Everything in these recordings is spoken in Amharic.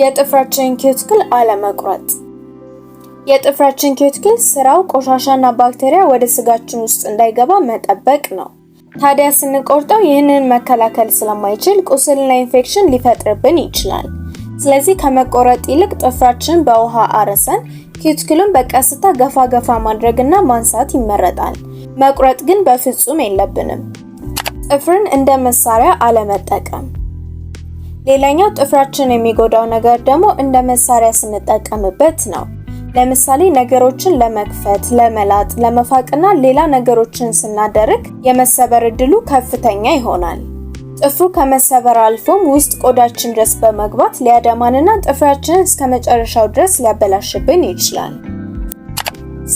የጥፍራችን ኪዩቲክል አለመቁረጥ። የጥፍራችን ኪዩቲክል ስራው ቆሻሻና ባክቴሪያ ወደ ስጋችን ውስጥ እንዳይገባ መጠበቅ ነው። ታዲያ ስንቆርጠው ይህንን መከላከል ስለማይችል ቁስልና ኢንፌክሽን ሊፈጥርብን ይችላል። ስለዚህ ከመቆረጥ ይልቅ ጥፍራችን በውሃ አረሰን ኪዩቲክሉን በቀስታ ገፋ ገፋ ማድረግና ማንሳት ይመረጣል። መቁረጥ ግን በፍጹም የለብንም። ጥፍርን እንደ መሳሪያ አለመጠቀም ሌላኛው ጥፍራችን የሚጎዳው ነገር ደግሞ እንደ መሳሪያ ስንጠቀምበት ነው። ለምሳሌ ነገሮችን ለመክፈት፣ ለመላጥ፣ ለመፋቅና ሌላ ነገሮችን ስናደርግ የመሰበር እድሉ ከፍተኛ ይሆናል። ጥፍሩ ከመሰበር አልፎም ውስጥ ቆዳችን ድረስ በመግባት ሊያደማንና ጥፍራችንን እስከ መጨረሻው ድረስ ሊያበላሽብን ይችላል።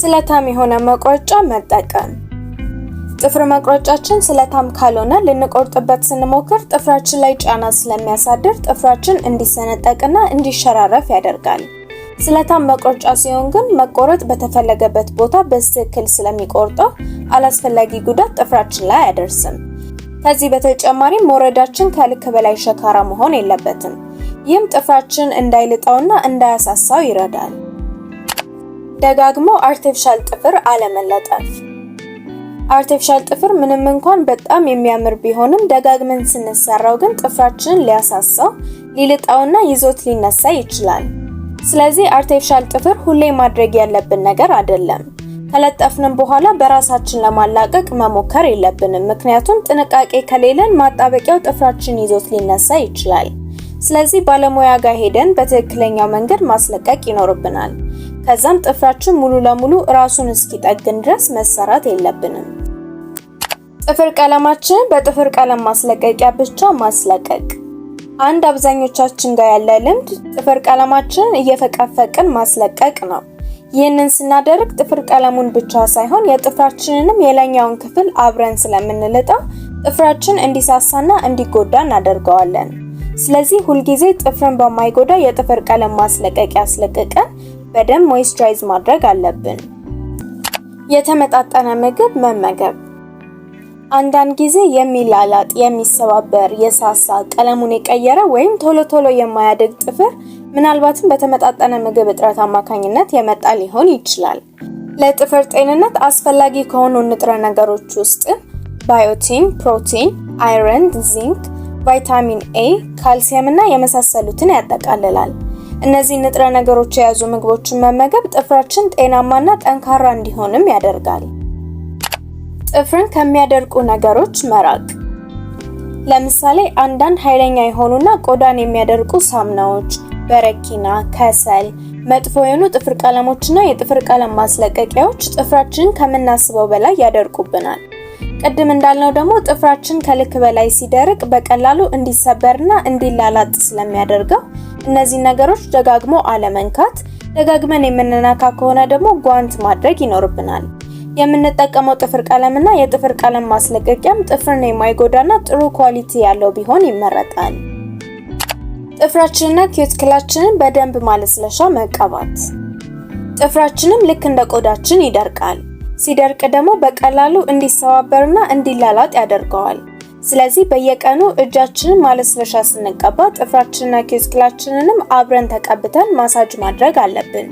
ስለታም የሆነ መቁረጫ መጠቀም ጥፍር መቁረጫችን ስለታም ካልሆነ ልንቆርጥበት ስንሞክር ጥፍራችን ላይ ጫና ስለሚያሳድር ጥፍራችን እንዲሰነጠቅና እንዲሸራረፍ ያደርጋል። ስለታም መቁረጫ ሲሆን ግን መቆረጥ በተፈለገበት ቦታ በትክክል ስለሚቆርጠው አላስፈላጊ ጉዳት ጥፍራችን ላይ አያደርስም። ከዚህ በተጨማሪም መውረዳችን ከልክ በላይ ሸካራ መሆን የለበትም። ይህም ጥፍራችን እንዳይልጠውና እንዳያሳሳው ይረዳል። ደጋግሞ አርቲፊሻል ጥፍር አለመለጠፍ አርቲፊሻል ጥፍር ምንም እንኳን በጣም የሚያምር ቢሆንም ደጋግመን ስንሰራው ግን ጥፍራችንን ሊያሳሳው ሊልጣውና ይዞት ሊነሳ ይችላል። ስለዚህ አርቲፊሻል ጥፍር ሁሌ ማድረግ ያለብን ነገር አይደለም። ከለጠፍንም በኋላ በራሳችን ለማላቀቅ መሞከር የለብንም፣ ምክንያቱም ጥንቃቄ ከሌለን ማጣበቂያው ጥፍራችን ይዞት ሊነሳ ይችላል። ስለዚህ ባለሙያ ጋር ሄደን በትክክለኛው መንገድ ማስለቀቅ ይኖርብናል። ከዛም ጥፍራችን ሙሉ ለሙሉ ራሱን እስኪጠግን ድረስ መሰራት የለብንም። ጥፍር ቀለማችንን በጥፍር ቀለም ማስለቀቂያ ብቻ ማስለቀቅ። አንድ አብዛኞቻችን ጋር ያለ ልምድ ጥፍር ቀለማችንን እየፈቀፈቅን ማስለቀቅ ነው። ይህንን ስናደርግ ጥፍር ቀለሙን ብቻ ሳይሆን የጥፍራችንንም የላይኛውን ክፍል አብረን ስለምንልጠው ጥፍራችን እንዲሳሳና እንዲጎዳ እናደርገዋለን። ስለዚህ ሁልጊዜ ጥፍርን በማይጎዳ የጥፍር ቀለም ማስለቀቂያ አስለቅቀን በደንብ ሞይስቸራይዝ ማድረግ አለብን። የተመጣጠነ ምግብ መመገብ አንዳንድ ጊዜ የሚላላጥ የሚሰባበር፣ የሳሳ ቀለሙን የቀየረ ወይም ቶሎ ቶሎ የማያድግ ጥፍር ምናልባትም በተመጣጠነ ምግብ እጥረት አማካኝነት የመጣ ሊሆን ይችላል። ለጥፍር ጤንነት አስፈላጊ ከሆኑ ንጥረ ነገሮች ውስጥ ባዮቲን፣ ፕሮቲን፣ አይረን፣ ዚንክ፣ ቫይታሚን ኤ፣ ካልሲየም እና የመሳሰሉትን ያጠቃልላል። እነዚህ ንጥረ ነገሮች የያዙ ምግቦችን መመገብ ጥፍራችን ጤናማና ጠንካራ እንዲሆንም ያደርጋል። ጥፍርን ከሚያደርቁ ነገሮች መራቅ። ለምሳሌ አንዳንድ ኃይለኛ የሆኑና ቆዳን የሚያደርቁ ሳሙናዎች፣ በረኪና፣ ከሰል፣ መጥፎ የሆኑ ጥፍር ቀለሞችና የጥፍር ቀለም ማስለቀቂያዎች ጥፍራችንን ከምናስበው በላይ ያደርቁብናል። ቅድም እንዳልነው ደግሞ ጥፍራችን ከልክ በላይ ሲደርቅ በቀላሉ እንዲሰበርና እንዲላላጥ ስለሚያደርገው እነዚህን ነገሮች ደጋግሞ አለመንካት፣ ደጋግመን የምንነካ ከሆነ ደግሞ ጓንት ማድረግ ይኖርብናል። የምንጠቀመው ጥፍር ቀለምና የጥፍር ቀለም ማስለቀቂያም ጥፍርን የማይጎዳና ጥሩ ኳሊቲ ያለው ቢሆን ይመረጣል። ጥፍራችንና ኪዩቲክላችንን በደንብ ማለስለሻ መቀባት። ጥፍራችንም ልክ እንደ ቆዳችን ይደርቃል። ሲደርቅ ደግሞ በቀላሉ እንዲሰባበርና እንዲላላጥ ያደርገዋል። ስለዚህ በየቀኑ እጃችንን ማለስለሻ ስንቀባ ጥፍራችንና ኪስክላችንንም አብረን ተቀብተን ማሳጅ ማድረግ አለብን።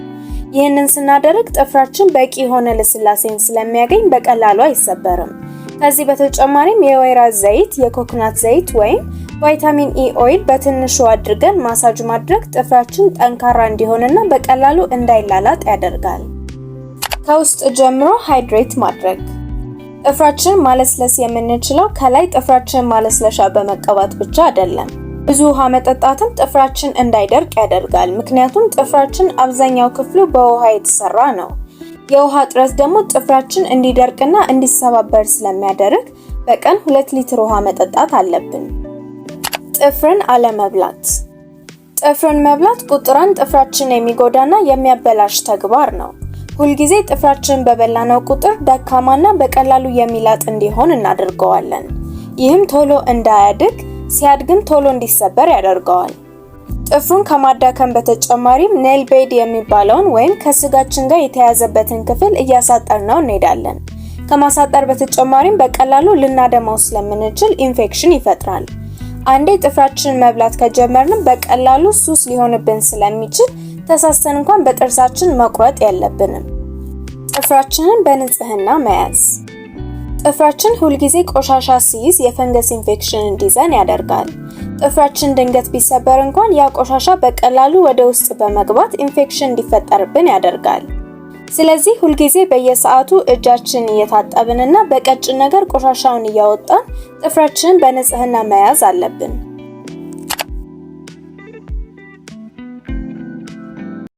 ይህንን ስናደርግ ጥፍራችን በቂ የሆነ ልስላሴን ስለሚያገኝ በቀላሉ አይሰበርም። ከዚህ በተጨማሪም የወይራ ዘይት፣ የኮኮናት ዘይት ወይም ቫይታሚን ኢ ኦይል በትንሹ አድርገን ማሳጅ ማድረግ ጥፍራችን ጠንካራ እንዲሆንና በቀላሉ እንዳይላላጥ ያደርጋል። ከውስጥ ጀምሮ ሃይድሬት ማድረግ ጥፍራችንን ማለስለስ የምንችለው ከላይ ጥፍራችንን ማለስለሻ በመቀባት ብቻ አይደለም። ብዙ ውሃ መጠጣትም ጥፍራችን እንዳይደርቅ ያደርጋል። ምክንያቱም ጥፍራችን አብዛኛው ክፍሉ በውሃ የተሰራ ነው። የውሃ እጥረት ደግሞ ጥፍራችን እንዲደርቅና እንዲሰባበር ስለሚያደርግ በቀን ሁለት ሊትር ውሃ መጠጣት አለብን። ጥፍርን አለመብላት። ጥፍርን መብላት ቁጥራን ጥፍራችን የሚጎዳና የሚያበላሽ ተግባር ነው። ሁልጊዜ ጥፍራችንን በበላነው ቁጥር ደካማና በቀላሉ የሚላጥ እንዲሆን እናደርገዋለን። ይህም ቶሎ እንዳያድግ ሲያድግም ቶሎ እንዲሰበር ያደርገዋል። ጥፍሩን ከማዳከም በተጨማሪም ኔል ቤድ የሚባለውን ወይም ከስጋችን ጋር የተያዘበትን ክፍል እያሳጠር ነው እንሄዳለን። ከማሳጠር በተጨማሪም በቀላሉ ልናደማው ስለምንችል ኢንፌክሽን ይፈጥራል። አንዴ ጥፍራችንን መብላት ከጀመርንም በቀላሉ ሱስ ሊሆንብን ስለሚችል ተሳስተን እንኳን በጥርሳችን መቁረጥ የለብንም። ጥፍራችንን በንጽህና መያዝ። ጥፍራችን ሁልጊዜ ቆሻሻ ሲይዝ የፈንገስ ኢንፌክሽን እንዲዘን ያደርጋል። ጥፍራችን ድንገት ቢሰበር እንኳን ያ ቆሻሻ በቀላሉ ወደ ውስጥ በመግባት ኢንፌክሽን እንዲፈጠርብን ያደርጋል። ስለዚህ ሁልጊዜ በየሰዓቱ እጃችን እየታጠብንና በቀጭን ነገር ቆሻሻውን እያወጣን ጥፍራችንን በንጽህና መያዝ አለብን።